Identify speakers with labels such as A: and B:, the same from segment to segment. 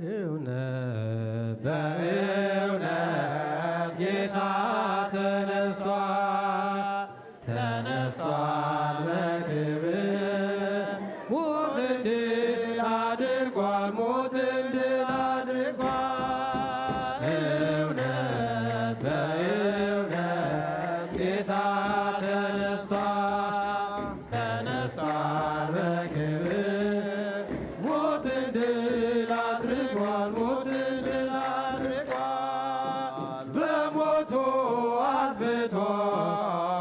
A: በእውነት በእውነት ጌታ ተነሷል ተነሷል በክብር ሞትን ድል አድርጓል ሞትን ድል ሞቱ አጥፍቶ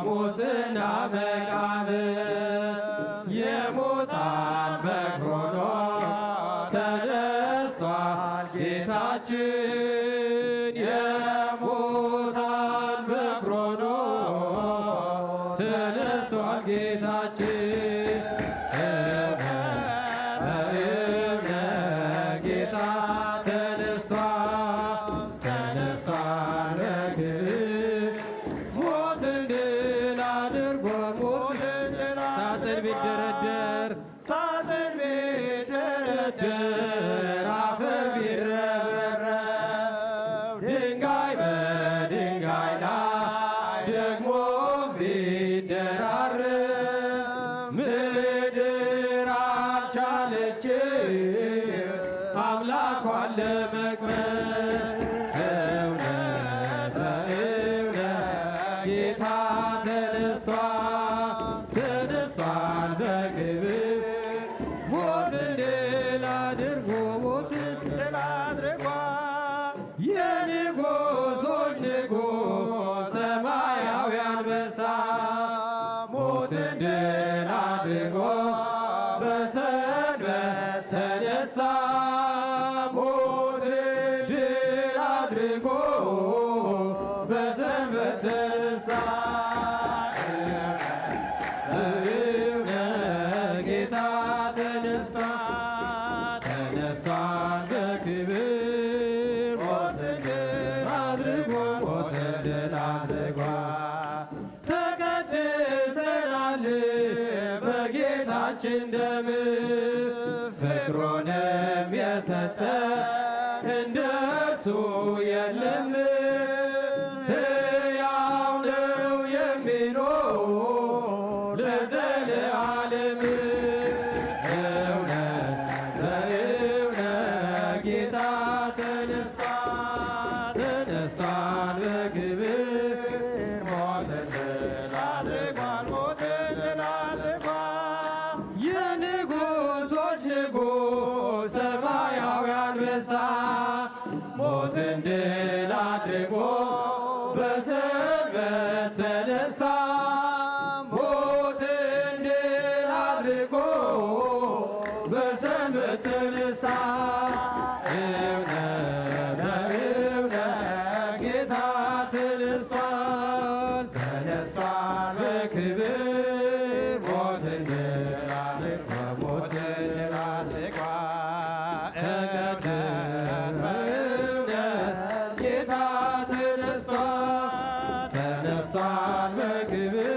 A: ሙስና መቃብር የሙታን ሳጥን ቢደረደር ሳጥን ቢደረደር አፈር ቢረበረብ ድንጋይ በድንጋይ ላይ ደግሞ ቢደራርብ ምድር አልቻለች አምላኳን ለመቅበር እውነት በእውነት ጌታ ተነስቷል። አድርጎ ሞትን ድል አድርጓል። የንጉሶች ንጉሥ ሰማያዊ አንበሳ ሞትን ድል አድርጎ በሰንበት ተነሳ። ሞትን ድል አድርጎ በሰንበት ተነሳ። ጌታ ተነሳ በደማችን ደም ፍቅሮንም የሰጠ የለም። ሞትን ድል አድርጎ በሰንበት ተነሳ ሞትን ድል አድርጎ በሰንበት ተነሳ እውነት ጌታ በክብር ደስታን በግብር